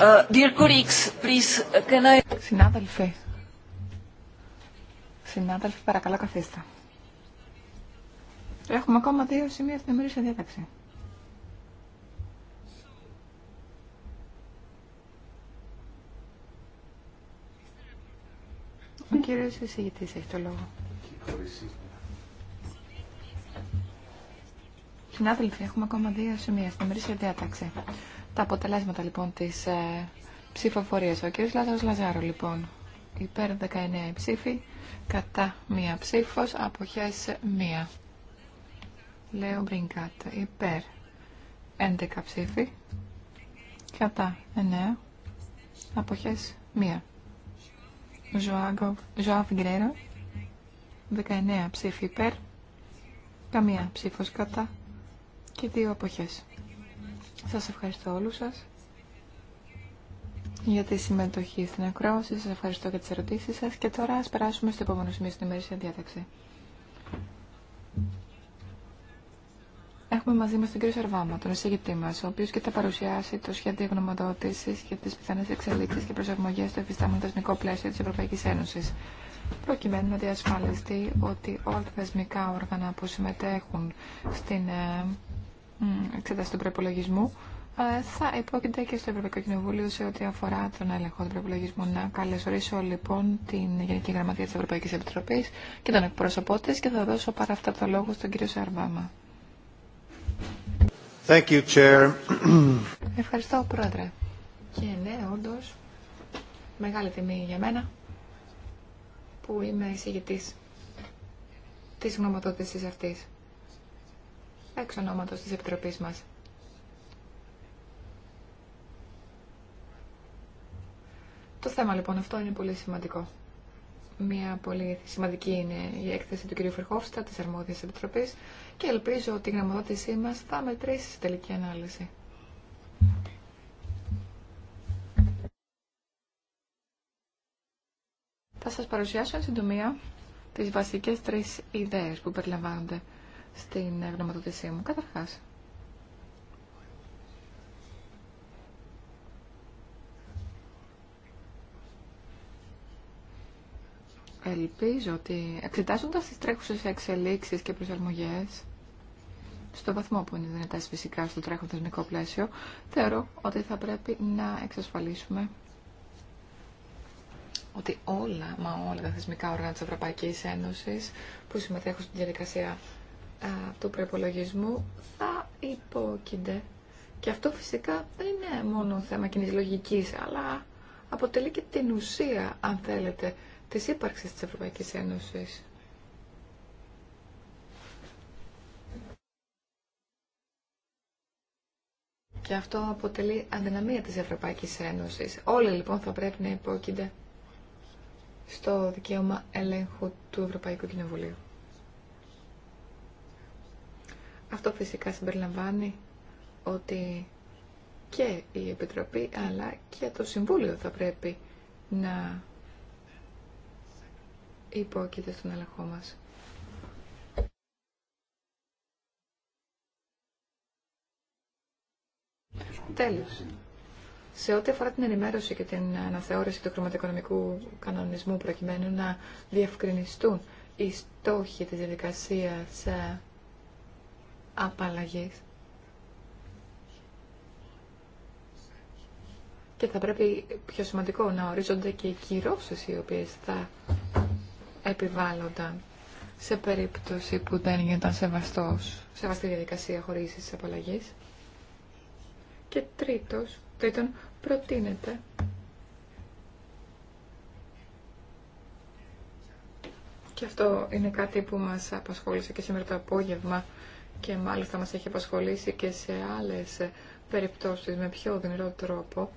Uh, dear colleagues, uh, Συνάδελφοι, παρακαλώ καθίστε. Έχουμε ακόμα δύο σημεία στην ημερήσια διάταξη. Ο κύριος εισηγητής έχει το λόγο. Συνάδελφοι, έχουμε ακόμα δύο σημεία στην ημερήσια διάταξη. Τα αποτελέσματα λοιπόν τη ε, ψηφοφορίας. Ο κ. Λάζαρος Λαζάρο λοιπόν υπέρ 19 ψήφοι, κατά μία ψήφος, αποχέ μία. Λέω μπριγκάτ υπέρ 11 ψήφοι, κατά 9, Αποχέ μία. Ζωάβ Φιγκρέρο 19 ψήφοι υπέρ, καμία ψήφος κατά και δύο αποχές. Σας ευχαριστώ όλους σας για τη συμμετοχή στην ακρόαση. Σας ευχαριστώ για τις ερωτήσεις σας και τώρα ας περάσουμε στο επόμενο σημείο στην ημερήσια διάταξη. Έχουμε μαζί μας τον κύριο Σαρβάμα, τον εισηγητή μας, ο οποίος και θα παρουσιάσει το σχέδιο γνωμοδότησης για τις πιθανές εξελίξεις και προσαρμογές στο εφιστάμενο θεσμικό πλαίσιο της Ευρωπαϊκής Ένωσης, προκειμένου να διασφαλιστεί ότι όλα τα θεσμικά όργανα που συμμετέχουν στην ε, εξέταση του προπολογισμού ε, θα υπόκειται και στο Ευρωπαϊκό Κοινοβούλιο σε ό,τι αφορά τον έλεγχο του προπολογισμού. Να καλωσορίσω λοιπόν την Γενική Γραμματεία τη Ευρωπαϊκή Επιτροπή και τον εκπρόσωπό τη και θα δώσω πάρα αυτά το λόγο στον κύριο Σαρβάμα. Thank you, Chair. Ευχαριστώ, Πρόεδρε. Και ναι, όντω, μεγάλη τιμή για μένα που είμαι εισηγητή τη γνωμοδότηση αυτή εξ ονόματος της Επιτροπής μας. Το θέμα λοιπόν αυτό είναι πολύ σημαντικό. Μια πολύ σημαντική είναι η έκθεση του κ. Φερχόφστα της Αρμόδιας Επιτροπής και ελπίζω ότι η γραμματότησή μας θα μετρήσει στη τελική ανάλυση. Θα σας παρουσιάσω εν συντομία τις βασικές τρεις ιδέες που περιλαμβάνονται στην γνωματοδοτησή μου. Καταρχάς, ελπίζω ότι εξετάζοντας τις τρέχουσες εξελίξεις και προσαρμογές στο βαθμό που είναι δυνατές φυσικά στο τρέχον θεσμικό πλαίσιο, θεωρώ ότι θα πρέπει να εξασφαλίσουμε ότι όλα, μα όλα τα θεσμικά όργανα της Ευρωπαϊκής Ένωσης που συμμετέχουν στην διαδικασία του προπολογισμού θα υπόκεινται. Και αυτό φυσικά δεν είναι μόνο θέμα κοινή λογική, αλλά αποτελεί και την ουσία, αν θέλετε, της ύπαρξης της Ευρωπαϊκής Ένωσης. Και αυτό αποτελεί αδυναμία της Ευρωπαϊκής Ένωσης. Όλοι λοιπόν θα πρέπει να υπόκεινται στο δικαίωμα ελέγχου του Ευρωπαϊκού Κοινοβουλίου. Αυτό φυσικά συμπεριλαμβάνει ότι και η Επιτροπή αλλά και το Συμβούλιο θα πρέπει να υπόκειται στον έλεγχό μας. Τέλος. Σε ό,τι αφορά την ενημέρωση και την αναθεώρηση του χρηματοοικονομικού κανονισμού προκειμένου να διευκρινιστούν οι στόχοι της διαδικασίας ε, απαλλαγές. Και θα πρέπει πιο σημαντικό να ορίζονται και οι κυρώσεις οι οποίες θα επιβάλλονταν σε περίπτωση που δεν ήταν σεβαστός, σεβαστή διαδικασία χωρίς της απαλλαγής. Και τρίτος, τρίτον, προτείνεται και αυτό είναι κάτι που μας απασχόλησε και σήμερα το απόγευμα και μάλιστα μας έχει απασχολήσει και σε άλλες περιπτώσεις με πιο οδυνηρό τρόπο,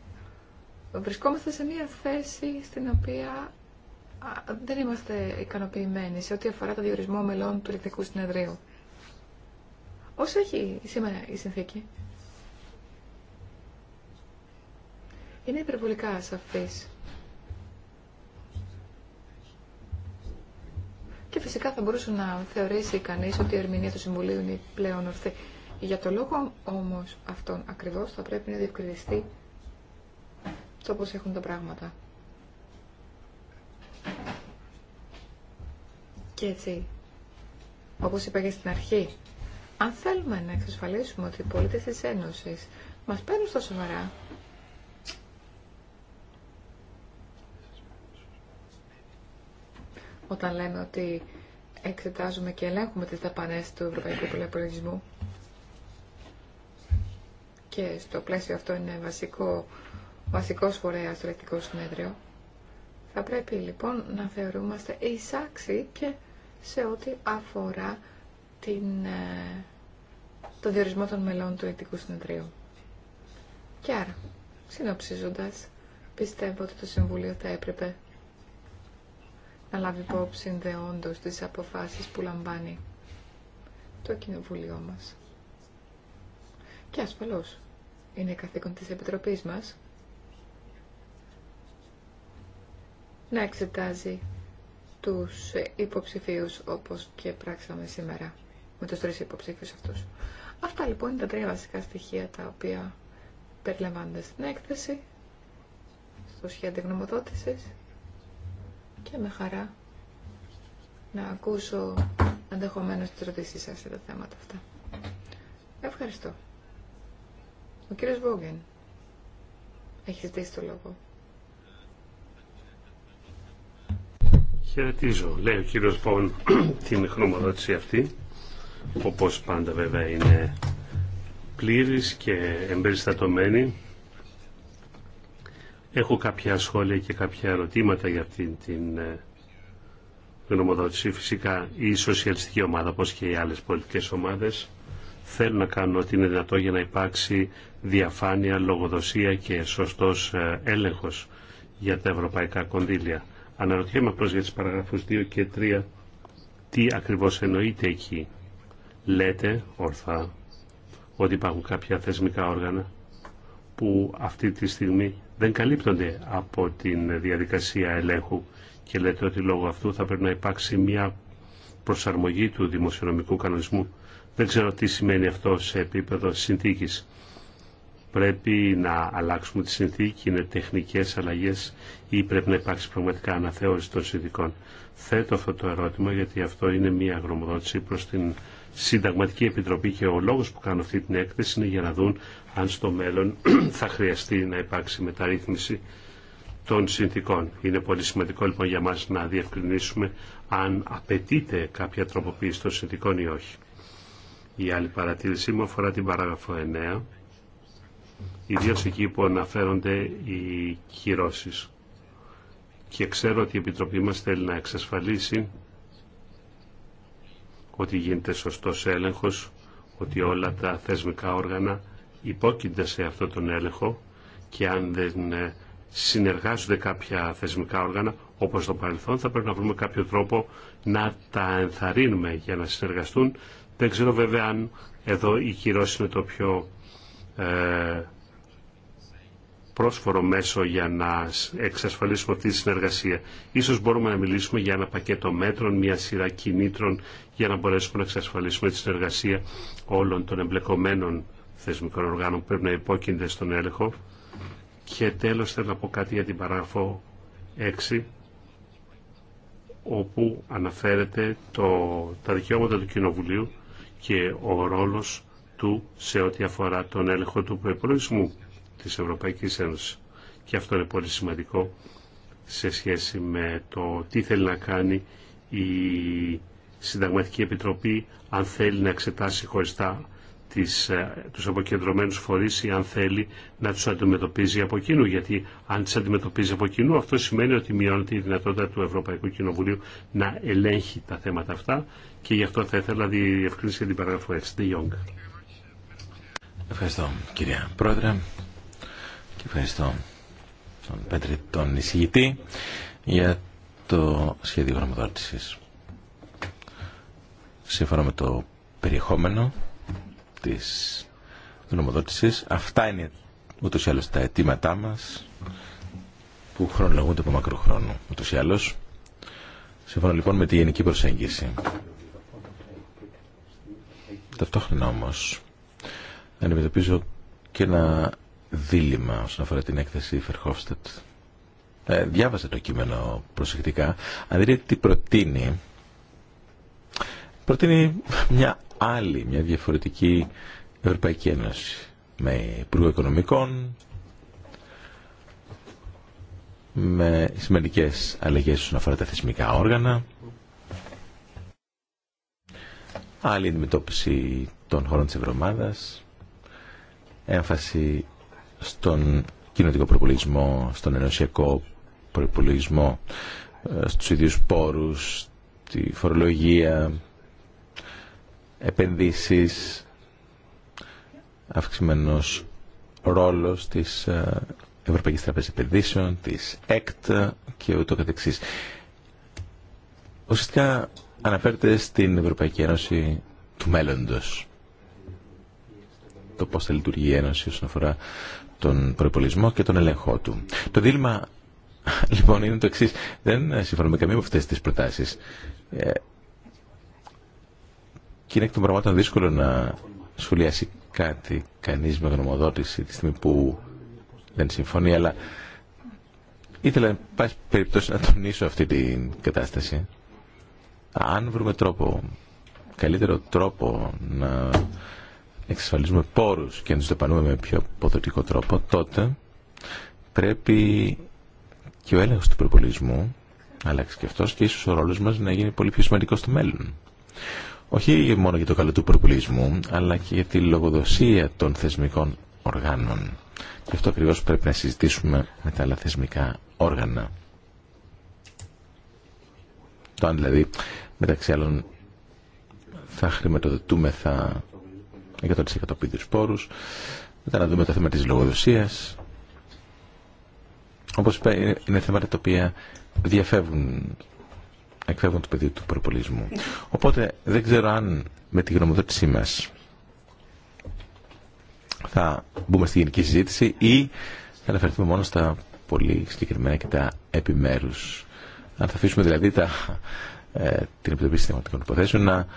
βρισκόμαστε σε μια θέση στην οποία δεν είμαστε ικανοποιημένοι σε ό,τι αφορά το διορισμό μελών του Ελληνικού συνεδρίου. Όσο έχει σήμερα η συνθήκη, είναι υπερβολικά σαφής φυσικά θα μπορούσε να θεωρήσει κανείς ότι η ερμηνεία του Συμβουλίου είναι πλέον ορθή. Για το λόγο όμως αυτόν ακριβώς θα πρέπει να διευκρινιστεί το πώς έχουν τα πράγματα. Και έτσι, όπως είπα και στην αρχή, αν θέλουμε να εξασφαλίσουμε ότι οι πολίτες της Ένωσης μας παίρνουν στα σοβαρά όταν λένε ότι εξετάζουμε και ελέγχουμε τις δαπανές του Ευρωπαϊκού Πολεπολογισμού. Και στο πλαίσιο αυτό είναι βασικό, βασικός φορέας του Ελεκτικό Συνέδριο. Θα πρέπει λοιπόν να θεωρούμαστε εισαξί και σε ό,τι αφορά την, ε, το διορισμό των μελών του Ελεκτικού Συνεδρίου. Και άρα, συνοψίζοντας, πιστεύω ότι το Συμβούλιο θα έπρεπε να λάβει υπόψη δεόντως τις αποφάσεις που λαμβάνει το κοινοβούλιο μας. Και ασφαλώς είναι καθήκον της Επιτροπής μας να εξετάζει τους υποψηφίους όπως και πράξαμε σήμερα με τους τρεις υποψήφιους αυτούς. Αυτά λοιπόν είναι τα τρία βασικά στοιχεία τα οποία περιλαμβάνονται στην έκθεση, στο σχέδιο γνωμοδότησης και με χαρά να ακούσω ενδεχομένω τι ερωτήσει σα σε τα θέματα αυτά. Ευχαριστώ. Ο κύριος Βόγγεν έχει ζητήσει το λόγο. Χαιρετίζω, λέει ο κύριος Βόγγεν, την χρονοδότηση αυτή, όπως πάντα βέβαια είναι πλήρης και εμπεριστατωμένη Έχω κάποια σχόλια και κάποια ερωτήματα για αυτήν την γνωμοδότηση. Ε, Φυσικά η σοσιαλιστική ομάδα, όπως και οι άλλες πολιτικές ομάδες, θέλουν να κάνουν ό,τι είναι δυνατό για να υπάρξει διαφάνεια, λογοδοσία και σωστός ε, έλεγχος για τα ευρωπαϊκά κονδύλια. Αναρωτιέμαι απλώς για τις παραγράφους 2 και 3 τι ακριβώς εννοείται εκεί. Λέτε, ορθά, ότι υπάρχουν κάποια θεσμικά όργανα που αυτή τη στιγμή δεν καλύπτονται από την διαδικασία ελέγχου και λέτε ότι λόγω αυτού θα πρέπει να υπάρξει μια προσαρμογή του δημοσιονομικού κανονισμού. Δεν ξέρω τι σημαίνει αυτό σε επίπεδο συνθήκης. Πρέπει να αλλάξουμε τη συνθήκη, είναι τεχνικές αλλαγές ή πρέπει να υπάρξει πραγματικά αναθεώρηση των συνθήκων. Θέτω αυτό το ερώτημα γιατί αυτό είναι μια γνωμοδότηση προς την Συνταγματική Επιτροπή και ο λόγος που κάνω αυτή την έκθεση είναι για να δουν αν στο μέλλον θα χρειαστεί να υπάρξει μεταρρύθμιση των συνθήκων. Είναι πολύ σημαντικό λοιπόν για μας να διευκρινίσουμε αν απαιτείται κάποια τροποποίηση των συνθήκων ή όχι. Η άλλη παρατήρησή μου αφορά την παράγραφο 9, ιδίω εκεί που αναφέρονται οι κυρώσεις. Και ξέρω ότι η Επιτροπή μας θέλει να εξασφαλίσει ότι γίνεται σωστός έλεγχος, ότι όλα τα θεσμικά όργανα υπόκεινται σε αυτόν τον έλεγχο και αν δεν ε, συνεργάζονται κάποια θεσμικά όργανα, όπως το παρελθόν, θα πρέπει να βρούμε κάποιο τρόπο να τα ενθαρρύνουμε για να συνεργαστούν. Δεν ξέρω βέβαια αν εδώ η κυρώση είναι το πιο ε, πρόσφορο μέσο για να εξασφαλίσουμε αυτή τη συνεργασία. Ίσως μπορούμε να μιλήσουμε για ένα πακέτο μέτρων, μια σειρά κινήτρων για να μπορέσουμε να εξασφαλίσουμε τη συνεργασία όλων των εμπλεκομένων θεσμικών οργάνων που πρέπει να υπόκεινται στον έλεγχο. Και τέλος θέλω να πω κάτι για την παράγραφο 6 όπου αναφέρεται το, τα δικαιώματα του Κοινοβουλίου και ο ρόλος του σε ό,τι αφορά τον έλεγχο του προϋπολογισμού της Ευρωπαϊκής Ένωσης. Και αυτό είναι πολύ σημαντικό σε σχέση με το τι θέλει να κάνει η Συνταγματική Επιτροπή αν θέλει να εξετάσει χωριστά τις, ε, τους αποκεντρωμένους φορείς ή αν θέλει να τους αντιμετωπίζει από κοινού. Γιατί αν τις αντιμετωπίζει από κοινού αυτό σημαίνει ότι μειώνεται η δυνατότητα του Ευρωπαϊκού Κοινοβουλίου να ελέγχει τα θέματα αυτά και γι' αυτό θα ήθελα διευκρίνηση για την παράγραφο Στη Ευχαριστώ κυρία Πρόεδρε. Και ευχαριστώ τον Πέτρη τον εισηγητή για το σχέδιο γραμματοδότησης. Σύμφωνα με το περιεχόμενο της γνωμοδότησης, αυτά είναι ούτως ή άλλως τα αιτήματά μας που χρονολογούνται από μακροχρόνου. χρόνου ούτως ή άλλως. Σύμφωνα λοιπόν με τη γενική προσέγγιση. Ταυτόχρονα όμως αντιμετωπίζω και ένα δίλημα όσον αφορά την έκθεση Φερχόφστατ. Ε, διάβασε το κείμενο προσεκτικά. Αν δείτε τι προτείνει, προτείνει μια άλλη, μια διαφορετική Ευρωπαϊκή Ένωση με Υπουργό Οικονομικών, με σημαντικέ αλλαγέ όσον αφορά τα θεσμικά όργανα, άλλη αντιμετώπιση των χωρών της Ευρωμάδας, έμφαση στον κοινωτικό προπολογισμό, στον ενωσιακό προπολογισμό, ε, στους ίδιους πόρους, τη φορολογία, επενδύσεις, αυξημένος ρόλος της ε, Ευρωπαϊκής Τραπεζής Επενδύσεων, της ΕΚΤ και ούτω καθεξής. Ουσιαστικά αναφέρεται στην Ευρωπαϊκή Ένωση του μέλλοντος. Το πώς θα λειτουργεί η Ένωση όσον αφορά τον προπολισμό και τον ελεγχό του. Το δίλημα λοιπόν είναι το εξή. Δεν συμφωνούμε καμία με αυτέ τι προτάσει. Ε, και είναι εκ των πραγμάτων δύσκολο να σχολιάσει κάτι κανεί με γνωμοδότηση τη στιγμή που δεν συμφωνεί, αλλά ήθελα να περιπτώσει να τονίσω αυτή την κατάσταση. Αν βρούμε τρόπο, καλύτερο τρόπο να εξασφαλίζουμε πόρους και να τους δεπανούμε με πιο αποδοτικό τρόπο, τότε πρέπει και ο έλεγχος του προπολισμού αλλάξει και αυτός και ίσως ο ρόλος μας να γίνει πολύ πιο σημαντικός στο μέλλον. Όχι μόνο για το καλό του προπολισμού, αλλά και για τη λογοδοσία των θεσμικών οργάνων. Και αυτό ακριβώ πρέπει να συζητήσουμε με τα άλλα θεσμικά όργανα. Το αν δηλαδή μεταξύ άλλων θα χρηματοδοτούμε θα 100% πριν πόρου. πόρους. Μετά να δούμε το θέμα της λογοδοσίας. Όπως είπα, είναι θέματα τα οποία διαφεύγουν, εκφεύγουν το πεδίο του προπολισμού. Οπότε δεν ξέρω αν με τη γνωμοδότησή μας θα μπούμε στη γενική συζήτηση ή θα αναφερθούμε μόνο στα πολύ συγκεκριμένα και τα επιμέρους. Αν θα αφήσουμε δηλαδή τα, ε, την Επιτροπή συστηματικών Υποθέσεων να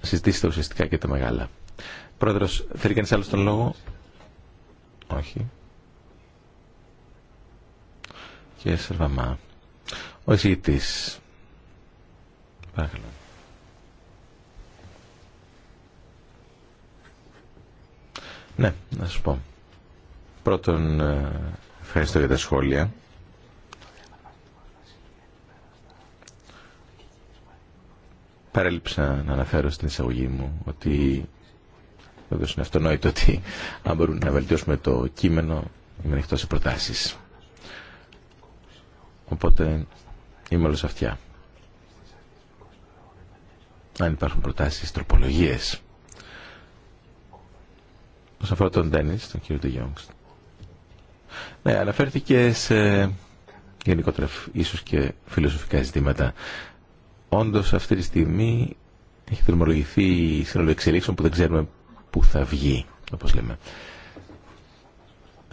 συζητήσετε ουσιαστικά και τα μεγάλα. Πρόεδρο, θέλει κανείς άλλο τον λόγο. Όχι. Κύριε Σερβαμά, ο εισηγητή. Παρακαλώ. Ναι, να σου πω. Πρώτον, ε, ευχαριστώ για τα σχόλια. παρέλειψα να αναφέρω στην εισαγωγή μου ότι βέβαια είναι αυτονόητο ότι αν μπορούμε να βελτιώσουμε το κείμενο είμαι ανοιχτό σε προτάσεις. Οπότε είμαι όλο αυτιά. Αν υπάρχουν προτάσεις, τροπολογίες. Όσον αφορά τον Ντένις, τον κύριο Ντεγιόγκς. Ναι, αναφέρθηκε σε γενικότερα ίσως και φιλοσοφικά ζητήματα. Όντως αυτή τη στιγμή έχει θερμολογηθεί η σύνολο εξελίξεων που δεν ξέρουμε πού θα βγει, όπως λέμε.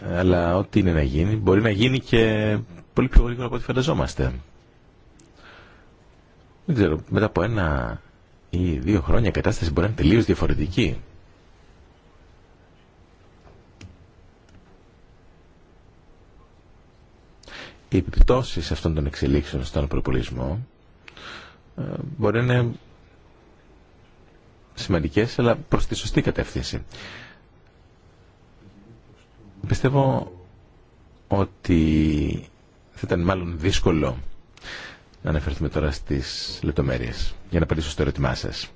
Αλλά ό,τι είναι να γίνει, μπορεί να γίνει και πολύ πιο γρήγορα από ό,τι φανταζόμαστε. Δεν ξέρω, μετά από ένα ή δύο χρόνια η κατάσταση μπορεί να είναι τελείως διαφορετική. Οι επιπτώσεις αυτών των εξελίξεων στον προπολισμό ε, μπορεί να είναι σημαντικές, αλλά προς τη σωστή κατεύθυνση. Πιστεύω ότι θα ήταν μάλλον δύσκολο να αναφερθούμε τώρα στις λεπτομέρειες για να απαντήσω στο ερώτημά σας.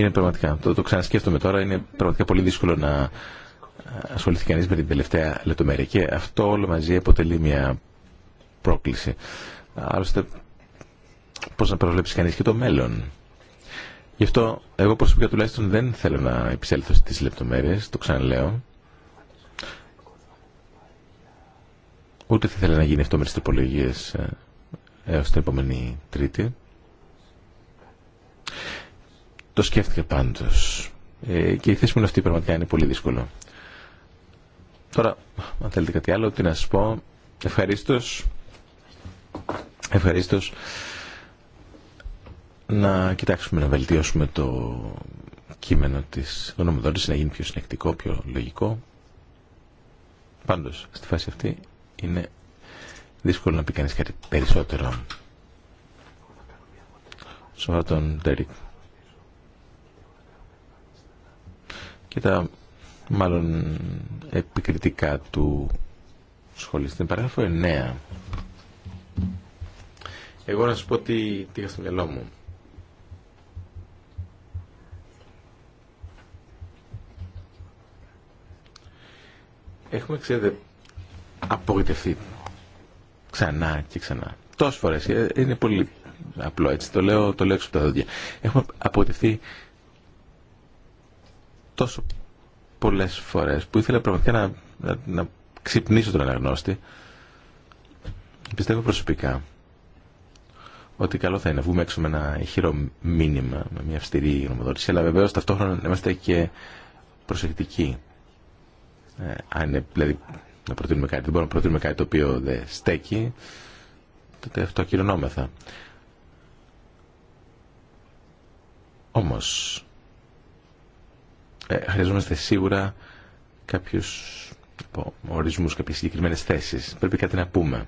είναι πραγματικά, το, το ξανασκέφτομαι τώρα, είναι πραγματικά πολύ δύσκολο να ασχοληθεί κανεί με την τελευταία λεπτομέρεια και αυτό όλο μαζί αποτελεί μια πρόκληση. Άλλωστε, πώ να προβλέψει κανεί και το μέλλον. Γι' αυτό εγώ προσωπικά τουλάχιστον δεν θέλω να επισέλθω στι λεπτομέρειε, το ξαναλέω. Ούτε θα ήθελα να γίνει αυτό με τι τροπολογίε ε, έω την επόμενη Τρίτη. Το σκέφτηκα πάντως. Ε, και η θέση μου είναι αυτή πραγματικά είναι πολύ δύσκολο. Τώρα, αν θέλετε κάτι άλλο, τι να σας πω. Ευχαρίστως. να κοιτάξουμε να βελτιώσουμε το κείμενο της γνωμοδότησης να γίνει πιο συνεκτικό, πιο λογικό. Πάντως, στη φάση αυτή είναι δύσκολο να πει κανείς κάτι περισσότερο. Σοβαρά τον Τέρικ. και τα μάλλον επικριτικά του σχολείου. Στην παράγραφο 9. Εγώ να σα πω τι, τι είχα στο μυαλό μου. Έχουμε, ξέρετε, απογοητευτεί ξανά και ξανά. Τόσες φορές. Ε, είναι πολύ απλό έτσι. Το λέω, το λέω έξω από τα δόντια. Έχουμε απογοητευτεί τόσο πολλές φορές που ήθελα πραγματικά να, να, να ξυπνήσω τον αναγνώστη. Πιστεύω προσωπικά ότι καλό θα είναι να βγούμε έξω με ένα χειρό μήνυμα, με μια αυστηρή γνωμοδότηση, αλλά βεβαίως ταυτόχρονα να είμαστε και προσεκτικοί. Ε, αν είναι, δηλαδή, να προτείνουμε κάτι, δεν μπορούμε να προτείνουμε κάτι το οποίο δεν στέκει, τότε αυτό ακυρωνόμεθα. Όμως, ε, χρειαζόμαστε σίγουρα κάποιου ορισμού κάποιες συγκεκριμένε θέσει. Πρέπει κάτι να πούμε.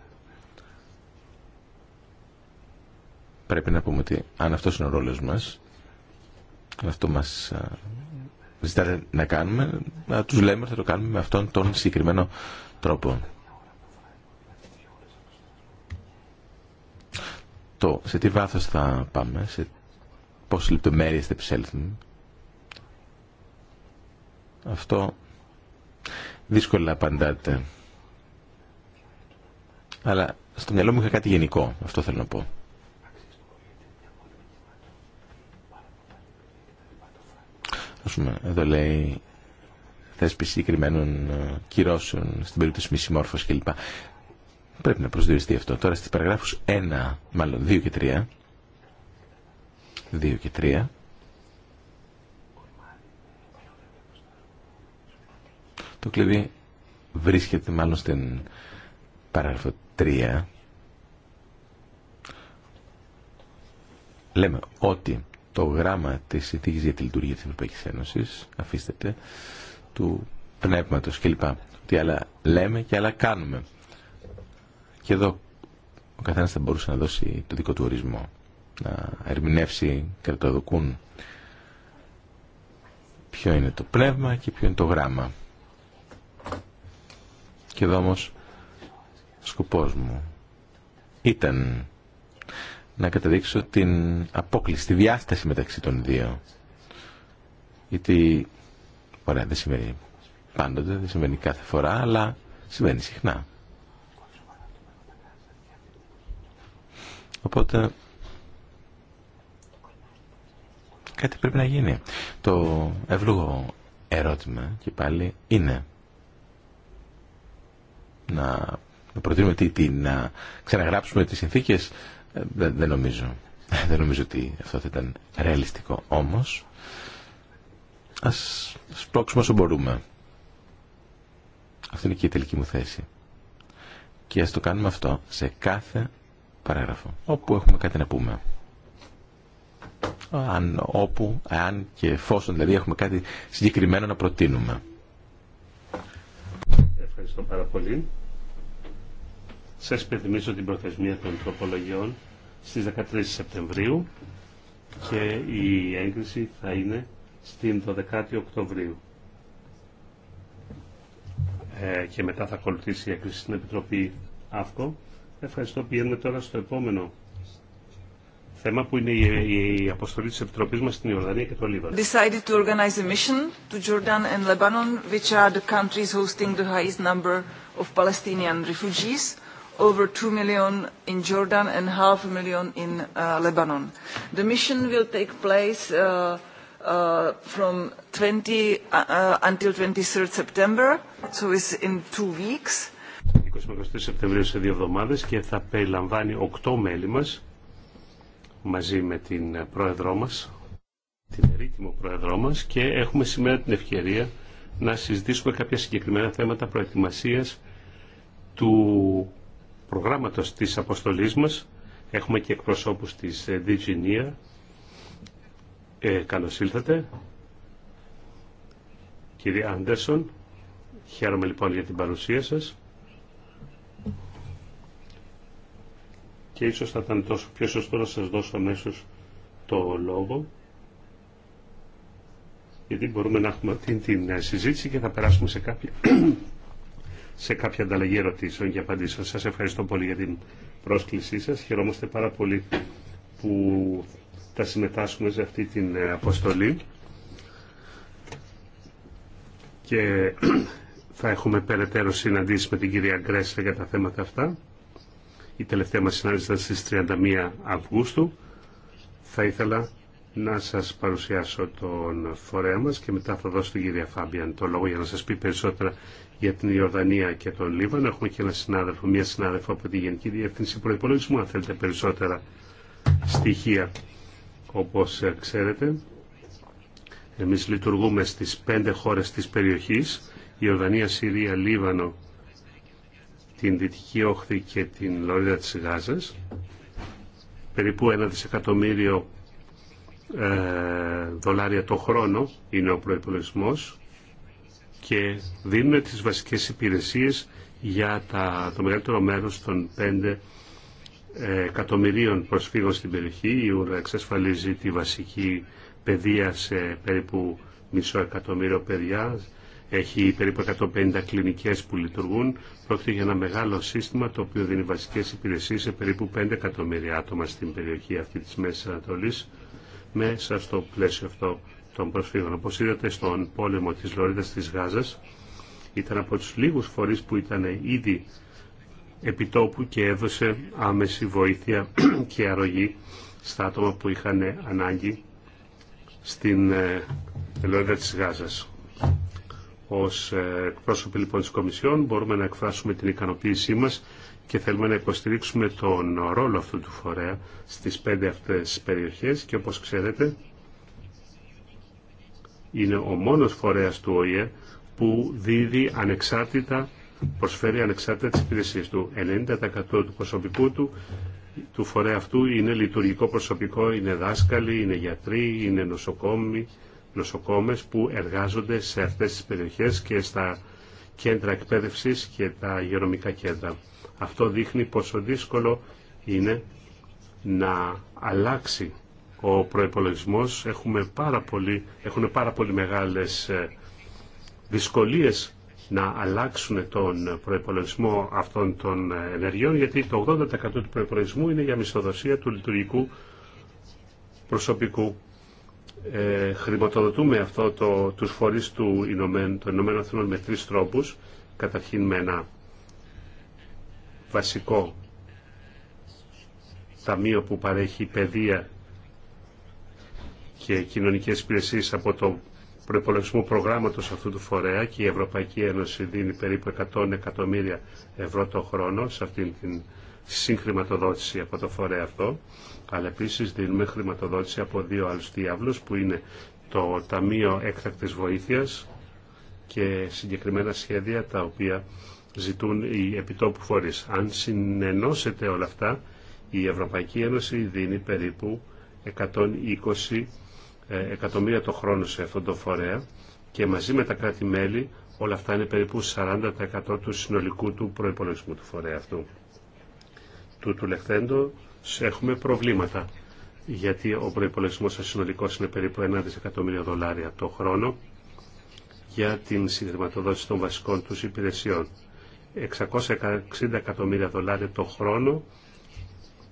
Πρέπει να πούμε ότι αν αυτό είναι ο ρόλο μα, αν αυτό μα ζητάτε να κάνουμε, να του λέμε ότι θα το κάνουμε με αυτόν τον συγκεκριμένο τρόπο. Το σε τι βάθος θα πάμε, σε πόσες λεπτομέρειες θα επισέλθουν, αυτό δύσκολα απαντάτε. Αλλά στο μυαλό μου είχα κάτι γενικό, αυτό θέλω να πω. Ας πούμε, εδώ λέει θέσπιση συγκεκριμένων ε, κυρώσεων στην περίπτωση μη συμμόρφωση κλπ. Πρέπει να προσδιοριστεί αυτό. Τώρα στις παραγράφους 1, μάλλον 2 και 3, 2 και 3, Το κλειδί βρίσκεται μάλλον στην παράγραφο 3. Λέμε ότι το γράμμα της συνθήκης για τη λειτουργία της Ευρωπαϊκής Ένωσης, αφήστε του πνεύματος κλπ. τι άλλα λέμε και άλλα κάνουμε. Και εδώ ο καθένας θα μπορούσε να δώσει το δικό του ορισμό, να ερμηνεύσει κατά δοκούν ποιο είναι το πνεύμα και ποιο είναι το γράμμα. Και όμως σκοπός μου ήταν να καταδείξω την απόκληση, τη διάσταση μεταξύ των δύο. Γιατί, ωραία, δεν συμβαίνει πάντοτε, δεν συμβαίνει κάθε φορά, αλλά συμβαίνει συχνά. Οπότε, κάτι πρέπει να γίνει. Το εύλογο ερώτημα και πάλι είναι να, να προτείνουμε τι, τι, να ξαναγράψουμε τις συνθήκες ε, δεν, νομίζω. Δεν νομίζω ότι αυτό θα ήταν ρεαλιστικό. Όμως, ας σπρώξουμε όσο μπορούμε. Αυτή είναι και η τελική μου θέση. Και ας το κάνουμε αυτό σε κάθε παράγραφο. Όπου έχουμε κάτι να πούμε. Αν, όπου, αν και εφόσον δηλαδή έχουμε κάτι συγκεκριμένο να προτείνουμε. Ευχαριστώ πάρα πολύ. Σα υπενθυμίζω την προθεσμία των τροπολογιών στις 13 Σεπτεμβρίου και η έγκριση θα είναι στην 12 Οκτωβρίου. Ε, και μετά θα ακολουθήσει η έγκριση στην Επιτροπή ΑΦΚΟ. Ευχαριστώ. Πηγαίνουμε τώρα στο επόμενο θέμα που είναι η, αποστολή της Επιτροπής μας στην Ιορδανία και το Λίβανο. Decided to organize a mission to Jordan and Lebanon, which are the countries hosting the highest number of Palestinian refugees over 2 million in Jordan and half a in uh, Lebanon. The mission will take place uh, uh, from 20 until 23 Σεπτεμβρίου σε δύο εβδομάδες και θα περιλαμβάνει οκτώ μέλη μας μαζί με την ε, πρόεδρό μας, την ερήτημο πρόεδρό μας και έχουμε σήμερα την ευκαιρία να συζητήσουμε κάποια συγκεκριμένα θέματα προετοιμασίας του προγράμματος της αποστολής μας. Έχουμε και εκπροσώπους της Διτζινία. Ε, ε, καλώς ήλθατε. Κύριε Άντερσον, χαίρομαι λοιπόν για την παρουσία σας. Και ίσως θα ήταν τόσο πιο σωστό να σας δώσω αμέσω το λόγο. Γιατί μπορούμε να έχουμε αυτή την ε, συζήτηση και θα περάσουμε σε κάποια σε κάποια ανταλλαγή ερωτήσεων και απαντήσεων. Σας ευχαριστώ πολύ για την πρόσκλησή σας. Χαιρόμαστε πάρα πολύ που θα συμμετάσχουμε σε αυτή την ε, αποστολή και θα έχουμε περαιτέρω συναντήσεις με την κυρία Γκρέσλε για τα θέματα αυτά. Η τελευταία μας συνάντηση ήταν στις 31 Αυγούστου. Θα ήθελα να σας παρουσιάσω τον φορέα μας και μετά θα δώσω την κυρία Φάμπιαν το λόγο για να σας πει περισσότερα για την Ιορδανία και τον Λίβανο. Έχουμε και ένα συνάδελφο, μία συνάδελφο από τη Γενική Διεύθυνση Προϋπολογισμού, αν θέλετε περισσότερα στοιχεία. Όπως ξέρετε, εμείς λειτουργούμε στις πέντε χώρες της περιοχής, Ιορδανία, Συρία, Λίβανο, την Δυτική Όχθη και την Λόριδα της Γάζας. Περίπου ένα δισεκατομμύριο ε, δολάρια το χρόνο είναι ο προϋπολογισμός και δίνουν τις βασικές υπηρεσίες για τα, το μεγαλύτερο μέρος των 5 ε, εκατομμυρίων προσφύγων στην περιοχή. Η ΟΥΡΑ εξασφαλίζει τη βασική παιδεία σε περίπου μισό εκατομμύριο παιδιά. Έχει περίπου 150 κλινικές που λειτουργούν. Πρόκειται για ένα μεγάλο σύστημα το οποίο δίνει βασικές υπηρεσίες σε περίπου 5 εκατομμύρια άτομα στην περιοχή αυτή της Μέσης Ανατολή μέσα στο πλαίσιο αυτό των προσφύγων. Όπως είδατε στον πόλεμο της Λωρίδας της Γάζας, ήταν από τους λίγους φορείς που ήταν ήδη επιτόπου και έδωσε άμεση βοήθεια και αρρωγή στα άτομα που είχαν ανάγκη στην ε, Λωρίδα της Γάζας. Ως ε, εκπρόσωποι λοιπόν της Κομισιόν μπορούμε να εκφράσουμε την ικανοποίησή μας και θέλουμε να υποστηρίξουμε τον ρόλο αυτού του φορέα στις πέντε αυτές περιοχές και όπως ξέρετε είναι ο μόνος φορέας του ΟΗΕ που δίδει ανεξάρτητα, προσφέρει ανεξάρτητα τις υπηρεσίες του. 90% του προσωπικού του, του φορέα αυτού είναι λειτουργικό προσωπικό, είναι δάσκαλοι, είναι γιατροί, είναι νοσοκόμοι, νοσοκόμες που εργάζονται σε αυτές τις περιοχές και στα κέντρα εκπαίδευσης και τα υγειονομικά κέντρα. Αυτό δείχνει πόσο δύσκολο είναι να αλλάξει ο προϋπολογισμός. Έχουμε έχουν πάρα πολύ μεγάλες ε, δυσκολίες να αλλάξουν τον προϋπολογισμό αυτών των ε, ενεργειών, γιατί το 80% του προϋπολογισμού είναι για μισθοδοσία του λειτουργικού προσωπικού. Ε, χρηματοδοτούμε αυτό το, τους φορείς του Ηνωμένου, των με τρεις τρόπους. Καταρχήν με ένα βασικό ταμείο που παρέχει παιδεία και κοινωνικές υπηρεσίε από το προπολογισμό προγράμματος αυτού του φορέα και η Ευρωπαϊκή Ένωση δίνει περίπου 100 εκατομμύρια ευρώ το χρόνο σε αυτήν την συγχρηματοδότηση από το φορέα αυτό, αλλά επίσης δίνουμε χρηματοδότηση από δύο άλλους διάβλους που είναι το Ταμείο Έκτακτης Βοήθειας και συγκεκριμένα σχέδια τα οποία ζητούν οι επιτόπου φορείς. Αν συνενώσετε όλα αυτά, η Ευρωπαϊκή Ένωση δίνει περίπου 120 ε, εκατομμύρια το χρόνο σε αυτόν τον φορέα και μαζί με τα κράτη-μέλη όλα αυτά είναι περίπου 40% του συνολικού του προϋπολογισμού του φορέα αυτού. Του του έχουμε προβλήματα γιατί ο προϋπολογισμός ο συνολικός είναι περίπου 1 δισεκατομμύριο δολάρια το χρόνο για την συνδυματοδότηση των βασικών τους υπηρεσιών. 660 εκατομμύρια δολάρια το χρόνο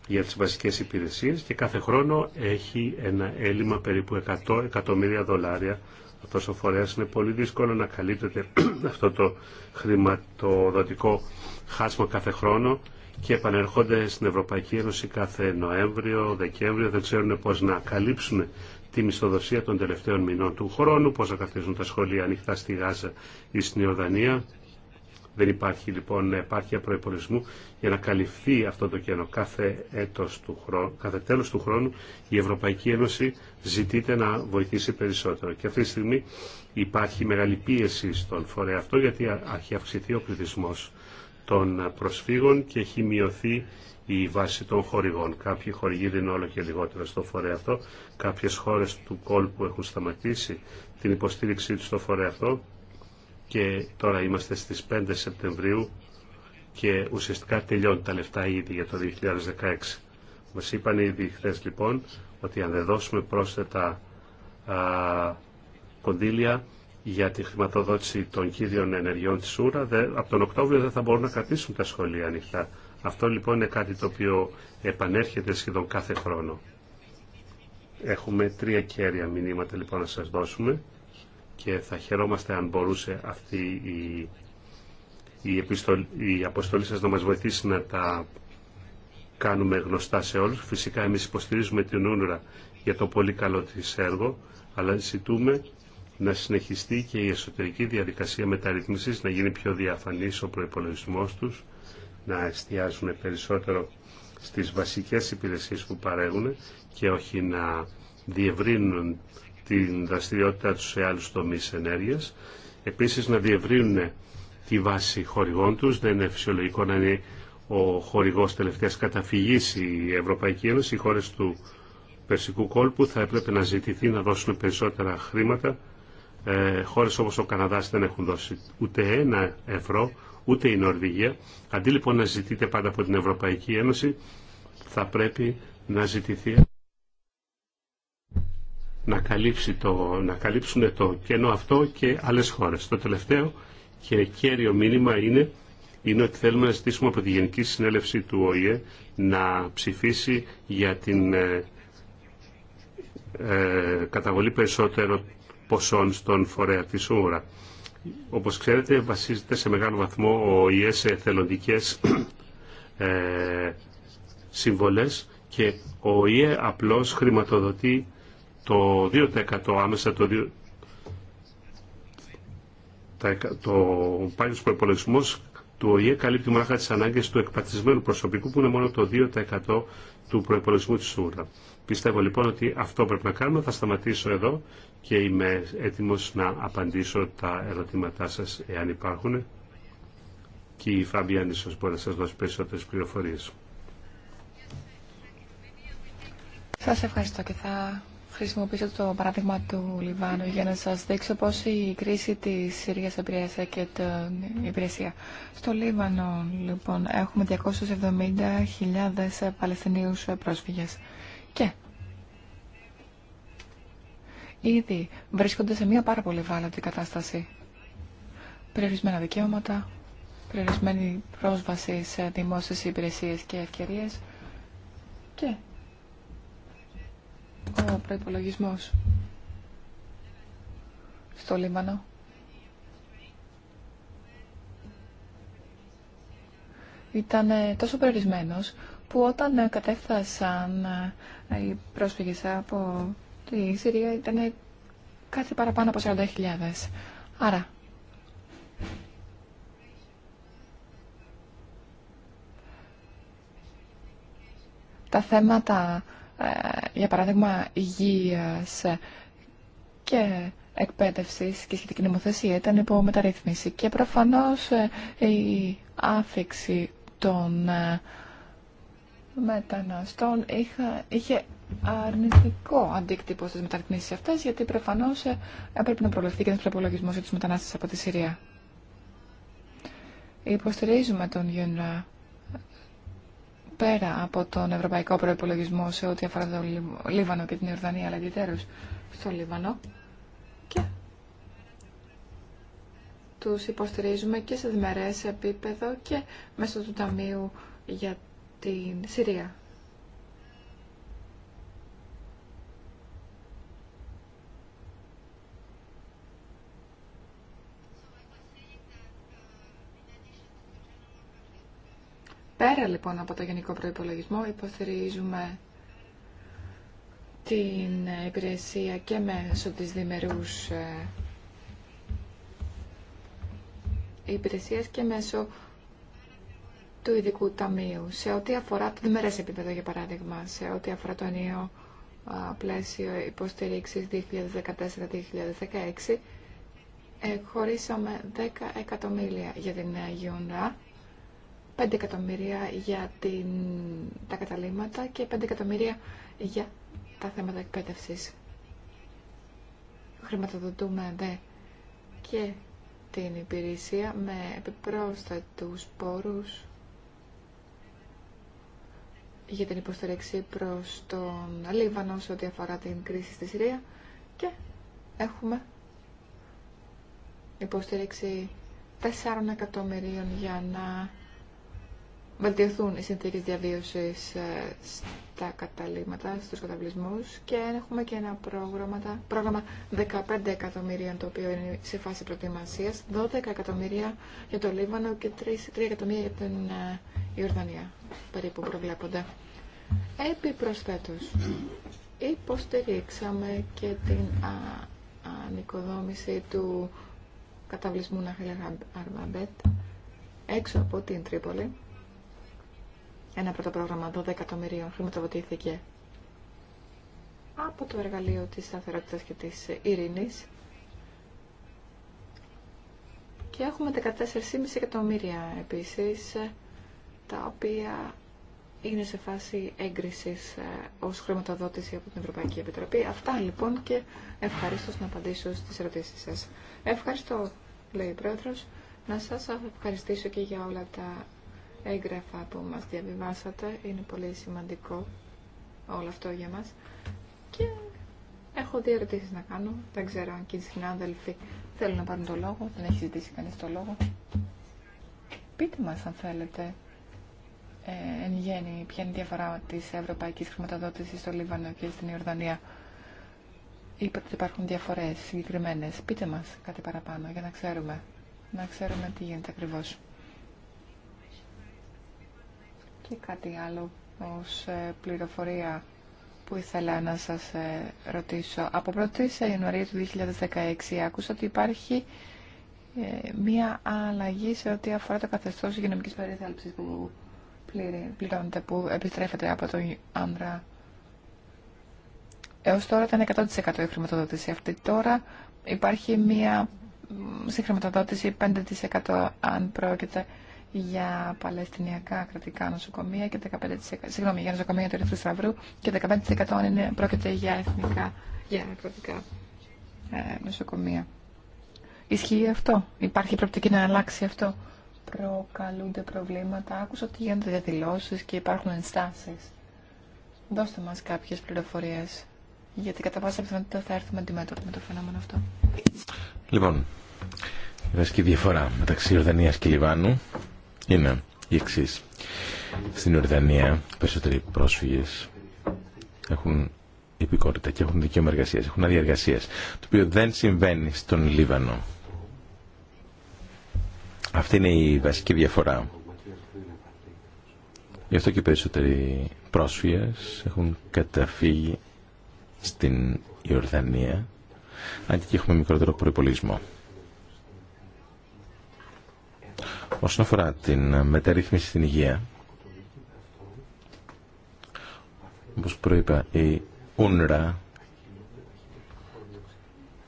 για τις βασικές υπηρεσίες και κάθε χρόνο έχει ένα έλλειμμα περίπου 100 εκατομμύρια δολάρια. Αυτός ο φορέας είναι πολύ δύσκολο να καλύπτεται αυτό το χρηματοδοτικό χάσμα κάθε χρόνο και επανερχόνται στην Ευρωπαϊκή Ένωση κάθε Νοέμβριο, Δεκέμβριο, δεν ξέρουν πώς να καλύψουν τη μισθοδοσία των τελευταίων μηνών του χρόνου, πώς να καθίσουν τα σχολεία ανοιχτά στη Γάζα ή στην Ιορδανία δεν υπάρχει λοιπόν επάρκεια προπολογισμού για να καλυφθεί αυτό το κενό. Κάθε, έτος του χρόνου, κάθε τέλος του χρόνου η Ευρωπαϊκή Ένωση ζητείται να βοηθήσει περισσότερο. Και αυτή τη στιγμή υπάρχει μεγάλη πίεση στον φορέα αυτό γιατί έχει αυξηθεί ο πληθυσμό των προσφύγων και έχει μειωθεί η βάση των χορηγών. Κάποιοι χορηγοί δίνουν όλο και λιγότερο στο φορέα αυτό. Κάποιες χώρες του κόλπου έχουν σταματήσει την υποστήριξή του στο φορέα αυτό και τώρα είμαστε στις 5 Σεπτεμβρίου και ουσιαστικά τελειώνουν τα λεφτά ήδη για το 2016. Μας είπαν ήδη χθε λοιπόν ότι αν δεν δώσουμε πρόσθετα α, κονδύλια για τη χρηματοδότηση των κύριων ενεργειών της ΣΟΥΡΑ, από τον Οκτώβριο δεν θα μπορούν να κρατήσουν τα σχολεία ανοιχτά. Αυτό λοιπόν είναι κάτι το οποίο επανέρχεται σχεδόν κάθε χρόνο. Έχουμε τρία κέρια μηνύματα λοιπόν να σας δώσουμε και θα χαιρόμαστε αν μπορούσε αυτή η, η, η αποστολή σας να μας βοηθήσει να τα κάνουμε γνωστά σε όλους. Φυσικά εμείς υποστηρίζουμε την Ούνρα για το πολύ καλό της έργο, αλλά ζητούμε να συνεχιστεί και η εσωτερική διαδικασία μεταρρύθμισης, να γίνει πιο διαφανής ο προϋπολογισμός τους, να εστιάζουν περισσότερο στις βασικές υπηρεσίες που παρέχουν και όχι να διευρύνουν την δραστηριότητά τους σε άλλους τομείς ενέργειας. Επίσης να διευρύνουν τη βάση χορηγών τους. Δεν είναι φυσιολογικό να είναι ο χορηγός τελευταίας καταφυγής η Ευρωπαϊκή Ένωση. Οι χώρες του Περσικού κόλπου θα έπρεπε να ζητηθεί να δώσουν περισσότερα χρήματα. Ε, χώρες όπως ο Καναδάς δεν έχουν δώσει ούτε ένα ευρώ, ούτε η Νορβηγία. Αντί λοιπόν να ζητείτε πάντα από την Ευρωπαϊκή Ένωση, θα πρέπει να ζητηθεί να, καλύψει το, να καλύψουν το κενό αυτό και άλλες χώρες. Το τελευταίο και κέριο μήνυμα είναι, είναι ότι θέλουμε να ζητήσουμε από τη Γενική Συνέλευση του ΟΗΕ να ψηφίσει για την ε, ε, καταβολή περισσότερων ποσών στον φορέα της ούρα. Όπως ξέρετε βασίζεται σε μεγάλο βαθμό ο ΟΗΕ σε εθελοντικές ε, συμβολές και ο ΟΗΕ απλώς χρηματοδοτεί το 2% άμεσα το 2%. Το προπολογισμό του ΟΗΕ καλύπτει μονάχα τις ανάγκες του εκπατισμένου προσωπικού που είναι μόνο το 2% του προπολογισμού της ΟΥΡΑ. Πιστεύω λοιπόν ότι αυτό πρέπει να κάνουμε. Θα σταματήσω εδώ και είμαι έτοιμος να απαντήσω τα ερωτήματά σας εάν υπάρχουν και η Φαμπιάν ίσως μπορεί να σας δώσει περισσότερες πληροφορίες. Σας ευχαριστώ και θα χρησιμοποιήσω το παράδειγμα του Λιβάνου για να σας δείξω πώς η κρίση της Συρίας επηρέασε και την υπηρεσία. Στο Λίβανο, λοιπόν, έχουμε 270.000 Παλαιστινίους πρόσφυγες. Και ήδη βρίσκονται σε μια πάρα πολύ βάλλοντη κατάσταση. Περιορισμένα δικαιώματα, περιορισμένη πρόσβαση σε δημόσιε υπηρεσίες και ευκαιρίες και ο προϋπολογισμός στο Λίβανο. Ήταν ε, τόσο περιορισμένος που όταν ε, κατέφθασαν ε, οι πρόσφυγες από τη Συρία ήταν κάτι παραπάνω από 40.000. Άρα, τα θέματα για παράδειγμα υγείας και εκπαίδευσης και σχετική νομοθεσία ήταν υπό μεταρρύθμιση. Και προφανώς ε, η άφηξη των ε, μεταναστών είχε αρνητικό αντίκτυπο στις μεταρρυθμίσεις αυτές, γιατί προφανώς ε, έπρεπε να προληφθεί και ένας προπολογισμό για τους μετανάστες από τη Συρία. Υποστηρίζουμε τον UNRWA πέρα από τον ευρωπαϊκό προπολογισμό σε ό,τι αφορά το Λίβανο και την Ιορδανία, αλλά ιδιαίτερως στο Λίβανο. Και τους υποστηρίζουμε και σε διμερές επίπεδο και μέσω του Ταμείου για την Συρία. Πέρα λοιπόν από το γενικό προϋπολογισμό υποστηρίζουμε την υπηρεσία και μέσω της διμερούς ε, υπηρεσίας και μέσω του ειδικού ταμείου σε ό,τι αφορά το διμερές επίπεδο για παράδειγμα, σε ό,τι αφορά το ενίο πλαίσιο υποστηρίξης 2014-2016 χωρίσαμε 10 εκατομμύρια για την UNRWA 5 εκατομμύρια για την, τα καταλήμματα και 5 εκατομμύρια για τα θέματα εκπαίδευση. Χρηματοδοτούμε δε και την υπηρεσία με επιπρόσθετους πόρους για την υποστήριξη προς τον Λίβανο σε ό,τι αφορά την κρίση στη Συρία και έχουμε υποστήριξη 4 εκατομμυρίων για να βελτιωθούν οι συνθήκες διαβίωσης στα καταλήμματα, στους καταβλισμούς και έχουμε και ένα πρόγραμμα, πρόγραμμα 15 εκατομμύρια το οποίο είναι σε φάση προετοιμασίας, 12 εκατομμύρια για το Λίβανο και 3, 3 εκατομμύρια για την Ιορδανία περίπου προβλέπονται. Επιπροσθέτως, υποστηρίξαμε και την ανοικοδόμηση του καταβλισμού Ναχιλ έξω από την Τρίπολη ένα πρώτο πρόγραμμα 12 εκατομμυρίων χρηματοδοτήθηκε από το εργαλείο της σταθερότητας και της ειρήνης και έχουμε 14,5 εκατομμύρια επίσης τα οποία είναι σε φάση έγκρισης ε, ως χρηματοδότηση από την Ευρωπαϊκή Επιτροπή. Αυτά λοιπόν και ευχαριστώ να απαντήσω στις ερωτήσεις σας. Ευχαριστώ, λέει η Πρόεδρος, να σας ευχαριστήσω και για όλα τα έγγραφα που μας διαβιβάσατε. Είναι πολύ σημαντικό όλο αυτό για μας. Και έχω δύο ερωτήσεις να κάνω. Δεν ξέρω αν και οι συνάδελφοι θέλουν να πάρουν το λόγο. Δεν έχει ζητήσει κανείς το λόγο. Πείτε μας αν θέλετε ε, εν γέννη ποια είναι η διαφορά της ευρωπαϊκής χρηματοδότησης στο Λίβανο και στην Ιορδανία. Είπατε ότι υπάρχουν διαφορές συγκεκριμένες. Πείτε μας κάτι παραπάνω για να ξέρουμε. Να ξέρουμε τι γίνεται ακριβώς και κάτι άλλο ως ε, πληροφορία που ήθελα να σας ε, ρωτήσω. Από 1η Ιανουαρίου του 2016 άκουσα ότι υπάρχει ε, μία αλλαγή σε ό,τι αφορά το καθεστώς υγειονομικής περίθαλψης που πληρώνεται, που επιστρέφεται από τον άνδρα. Έως τώρα ήταν 100% η χρηματοδότηση αυτή. Τώρα υπάρχει μία συγχρηματοδότηση 5% αν πρόκειται για παλαιστινιακά κρατικά νοσοκομεία και 15%, συγγνώμη, για νοσοκομεία του και 15% είναι, πρόκειται για εθνικά, για κρατικά ε, νοσοκομεία. Ισχύει αυτό. Υπάρχει προπτική να αλλάξει αυτό. Προκαλούνται προβλήματα. Άκουσα ότι γίνονται διαδηλώσει και υπάρχουν ενστάσει. Δώστε μα κάποιε πληροφορίε γιατί κατά πάσα πιθανότητα θα έρθουμε αντιμέτωποι με το φαινόμενο αυτό. Λοιπόν, η βασική διαφορά μεταξύ Ιορδανία και Λιβάνου είναι η εξή. Στην Ιορδανία περισσότεροι πρόσφυγες έχουν υπηκότητα και έχουν δικαίωμα εργασία, έχουν άδεια εργασία, το οποίο δεν συμβαίνει στον Λίβανο. Αυτή είναι η βασική διαφορά. Γι' αυτό και περισσότεροι πρόσφυγες έχουν καταφύγει στην Ιορδανία, αν και έχουμε μικρότερο προπολογισμό. Όσον αφορά την μεταρρύθμιση στην υγεία, όπως προείπα, η ούνρα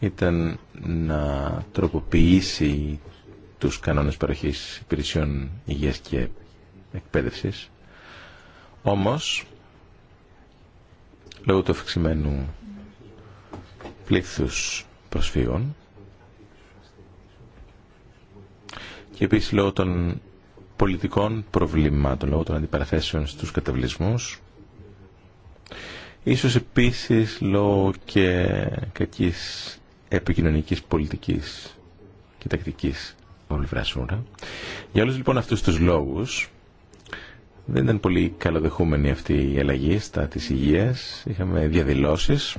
ήταν να τροποποιήσει τους κανόνες παροχής υπηρεσιών υγείας και εκπαίδευσης. Όμως, λόγω του αυξημένου πλήθους προσφύγων, και επίσης λόγω των πολιτικών προβλημάτων, λόγω των αντιπαραθέσεων στους καταβλισμούς, ίσως επίσης λόγω και κακής επικοινωνικής πολιτικής και τακτικής όλη Για όλους λοιπόν αυτούς τους λόγους δεν ήταν πολύ καλοδεχούμενη αυτή η αλλαγή στα της υγείας. Είχαμε διαδηλώσεις.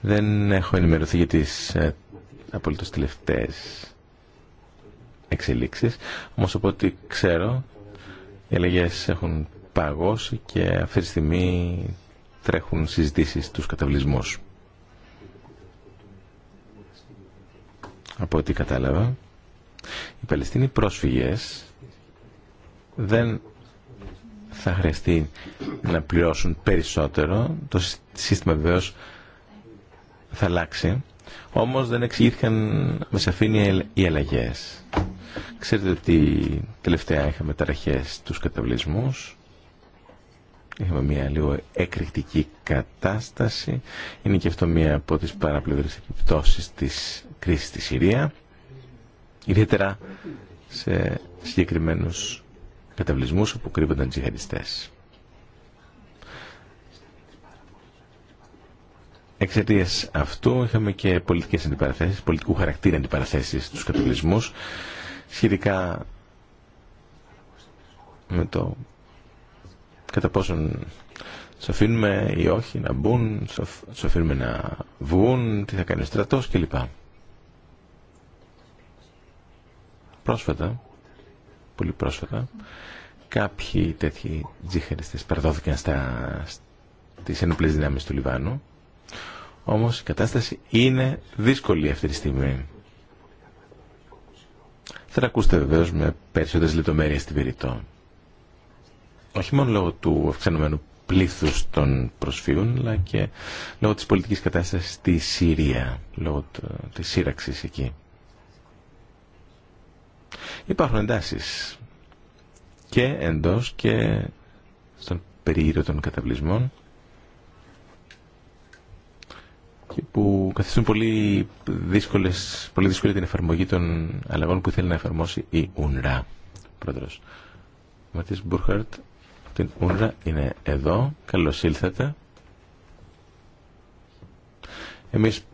Δεν έχω ενημερωθεί για τις ε, απολύτως τελευταίες εξελίξεις. Όμως από ό,τι ξέρω, οι αλλαγές έχουν παγώσει και αυτή τη στιγμή τρέχουν συζητήσεις τους καταβλισμούς. Από ό,τι κατάλαβα, οι Παλαιστίνοι πρόσφυγες δεν θα χρειαστεί να πληρώσουν περισσότερο. Το σύστημα βεβαίως θα αλλάξει. Όμως δεν εξηγήθηκαν με σαφήνεια οι αλλαγές. Ξέρετε ότι τελευταία είχαμε ταραχές τους καταβλισμούς. Είχαμε μια λίγο εκρηκτική κατάσταση. Είναι και αυτό μία από τις παραπλευρές επιπτώσεις της κρίσης στη Συρία. Ιδιαίτερα σε συγκεκριμένους καταβλισμούς όπου κρύβονταν τζιχαριστές. Εξαιτία αυτού είχαμε και πολιτικές αντιπαραθέσεις, πολιτικού χαρακτήρα αντιπαραθέσεις στους καταβλισμούς σχετικά με το κατά πόσον τους αφήνουμε ή όχι να μπουν, τους αφήνουμε να βγουν, τι θα κάνει ο στρατός κλπ. Πρόσφατα, πολύ πρόσφατα, κάποιοι τέτοιοι τζιχαριστές παραδόθηκαν στα, στις ενοπλές δυνάμεις του Λιβάνου, όμως η κατάσταση είναι δύσκολη αυτή τη στιγμή. Θα τα ακούσετε βεβαίω με περισσότερε λεπτομέρειε στην Πυρητό. Όχι μόνο λόγω του αυξανωμένου πλήθους των προσφύγων, αλλά και λόγω της πολιτικής κατάστασης στη Συρία, λόγω της σύραξης εκεί. Υπάρχουν εντάσεις και εντός και στον περίγυρο των καταβλισμών που καθιστούν πολύ, δύσκολες, πολύ δύσκολη την εφαρμογή των αλλαγών που θέλει να εφαρμόσει η UNRWA. Πρόεδρος. Μπουρχαρτ την UNRWA είναι εδώ. Καλώς ήλθατε. Εμείς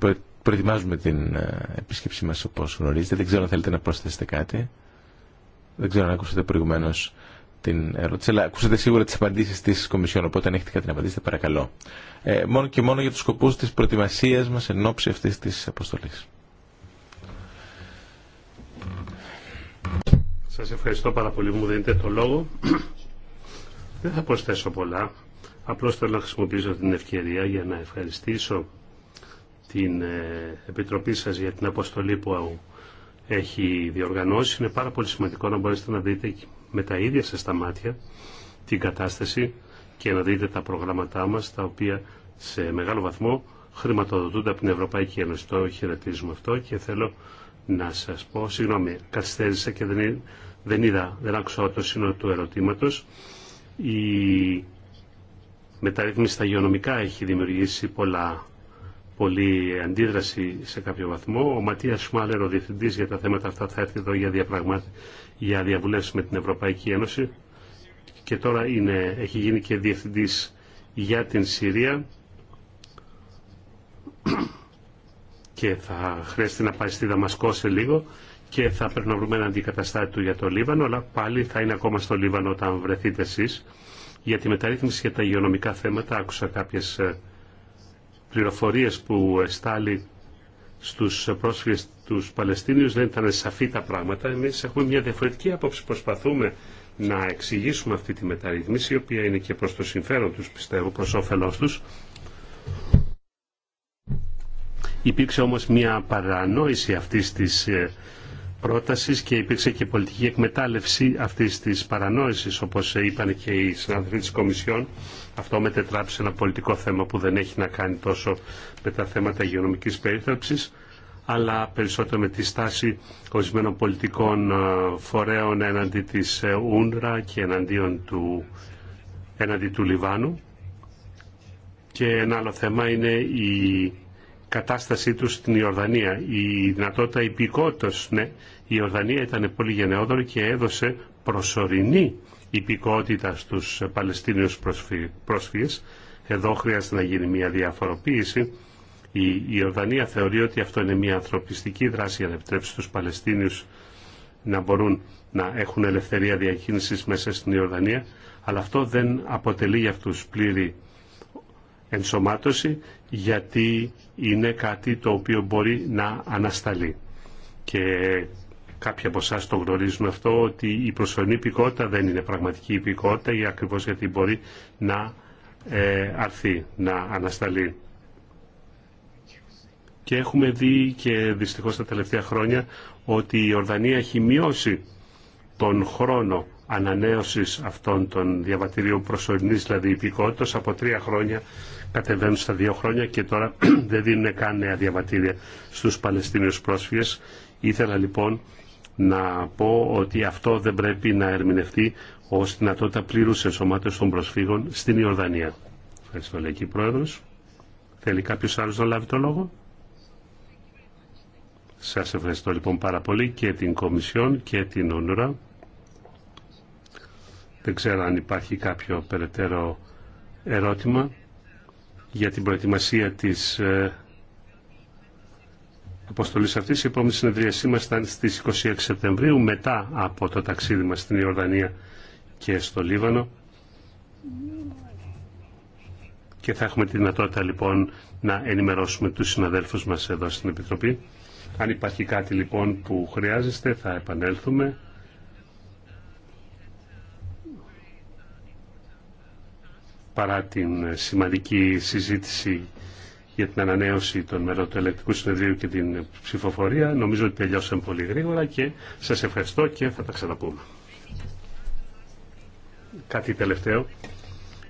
προετοιμάζουμε την ε, επίσκεψή μας όπως γνωρίζετε. Δεν ξέρω αν θέλετε να πρόσθεσετε κάτι. Δεν ξέρω αν ακούσατε προηγουμένως την ερώτηση, αλλά ακούσατε σίγουρα τι απαντήσει τη Κομισιόν, οπότε αν έχετε κάτι να απαντήσετε παρακαλώ. Ε, μόνο και μόνο για τους σκοπούς της προετοιμασίας μας εν ώψη αυτής της αποστολής. Σας ευχαριστώ πάρα πολύ που μου δίνετε το λόγο. Δεν θα προσθέσω πολλά. Απλώ θέλω να χρησιμοποιήσω την ευκαιρία για να ευχαριστήσω την ε, Επιτροπή σας για την αποστολή που έχει διοργανώσει. Είναι πάρα πολύ σημαντικό να μπορέσετε να δείτε με τα ίδια σας τα μάτια την κατάσταση και να δείτε τα προγράμματά μας τα οποία σε μεγάλο βαθμό χρηματοδοτούνται από την Ευρωπαϊκή Ένωση. Το χαιρετίζουμε αυτό και θέλω να σας πω, συγγνώμη, καθυστέρησα και δεν, δεν είδα, δεν άκουσα το σύνολο του ερωτήματος. Η μεταρρύθμιση στα υγειονομικά έχει δημιουργήσει πολλά, πολλή αντίδραση σε κάποιο βαθμό. Ο Ματίας Σμάλερ, ο διευθυντής για τα θέματα αυτά, θα έρθει εδώ για, διαπραγμάτευση για διαβουλεύσεις με την Ευρωπαϊκή Ένωση και τώρα είναι, έχει γίνει και διευθυντής για την Συρία και θα χρειαστεί να πάει στη Δαμασκό σε λίγο και θα πρέπει να βρούμε ένα αντικαταστάτη του για το Λίβανο, αλλά πάλι θα είναι ακόμα στο Λίβανο όταν βρεθείτε εσείς. Για τη μεταρρύθμιση για τα υγειονομικά θέματα άκουσα κάποιες ε, πληροφορίες που εστάλει στους πρόσφυγες τους Παλαιστίνιους δεν ήταν σαφή τα πράγματα. Εμείς έχουμε μια διαφορετική άποψη. Προσπαθούμε να εξηγήσουμε αυτή τη μεταρρυθμίση, η οποία είναι και προς το συμφέρον τους, πιστεύω, προς όφελός τους. Υπήρξε όμως μια παρανόηση αυτή της ε, πρότασης και υπήρξε και πολιτική εκμετάλλευση αυτής της παρανόησης, όπως είπαν και οι συνάδελφοι της Κομισιόν. Αυτό μετετράπησε ένα πολιτικό θέμα που δεν έχει να κάνει τόσο με τα θέματα υγειονομικής περίθαλψης αλλά περισσότερο με τη στάση ορισμένων πολιτικών ε, φορέων έναντι της ε, Ούνρα και εναντίον του, έναντι του Λιβάνου. Και ένα άλλο θέμα είναι η κατάστασή τους στην Ιορδανία. Η δυνατότητα υπηκότητας, ναι, η Ιορδανία ήταν πολύ γενναιόδορη και έδωσε προσωρινή υπηκότητα στους Παλαιστίνιους πρόσφυγες. Εδώ χρειάζεται να γίνει μια διαφοροποίηση η Ιορδανία θεωρεί ότι αυτό είναι μια ανθρωπιστική δράση για να επιτρέψει στους Παλαιστίνιους να μπορούν να έχουν ελευθερία διακίνησης μέσα στην Ιορδανία, αλλά αυτό δεν αποτελεί για αυτούς πλήρη ενσωμάτωση, γιατί είναι κάτι το οποίο μπορεί να ανασταλεί. Και κάποιοι από εσά το γνωρίζουν αυτό, ότι η προσωρινή υπηκότητα δεν είναι πραγματική υπηκότητα, ακριβώς γιατί μπορεί να ε, αρθεί, να ανασταλεί. Και έχουμε δει και δυστυχώς τα τελευταία χρόνια ότι η Ορδανία έχει μειώσει τον χρόνο ανανέωσης αυτών των διαβατηρίων προσωρινής δηλαδή υπηκότητας από τρία χρόνια κατεβαίνουν στα δύο χρόνια και τώρα δεν δίνουν καν νέα διαβατήρια στους Παλαιστίνιους πρόσφυγες. Ήθελα λοιπόν να πω ότι αυτό δεν πρέπει να ερμηνευτεί ως δυνατότητα πλήρους ενσωμάτωσης των προσφύγων στην Ιορδανία. Ευχαριστώ λέει και Πρόεδρος. Θέλει κάποιος άλλος να λάβει το λόγο. Σας ευχαριστώ λοιπόν πάρα πολύ και την Κομισιόν και την ΟΝΟΡΑ. Δεν ξέρω αν υπάρχει κάποιο περαιτέρω ερώτημα για την προετοιμασία της ε, αποστολής αυτής. Η επόμενη συνεδρίασή μας ήταν στις 26 Σεπτεμβρίου μετά από το ταξίδι μας στην Ιορδανία και στο Λίβανο και θα έχουμε τη δυνατότητα λοιπόν να ενημερώσουμε τους συναδέλφους μας εδώ στην Επιτροπή. Αν υπάρχει κάτι λοιπόν που χρειάζεστε θα επανέλθουμε. Παρά την σημαντική συζήτηση για την ανανέωση των μερών του ελεκτικού συνεδρίου και την ψηφοφορία, νομίζω ότι τελειώσαμε πολύ γρήγορα και σας ευχαριστώ και θα τα ξαναπούμε. Κάτι τελευταίο.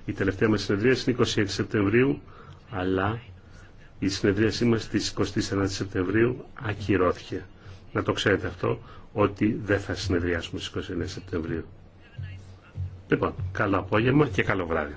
Η τελευταία μας συνεδρία είναι 26 Σεπτεμβρίου, αλλά η συνεδρίασή μας στις 29 Σεπτεμβρίου ακυρώθηκε. Να το ξέρετε αυτό, ότι δεν θα συνεδριάσουμε στις 29 Σεπτεμβρίου. Λοιπόν, καλό απόγευμα και καλό βράδυ.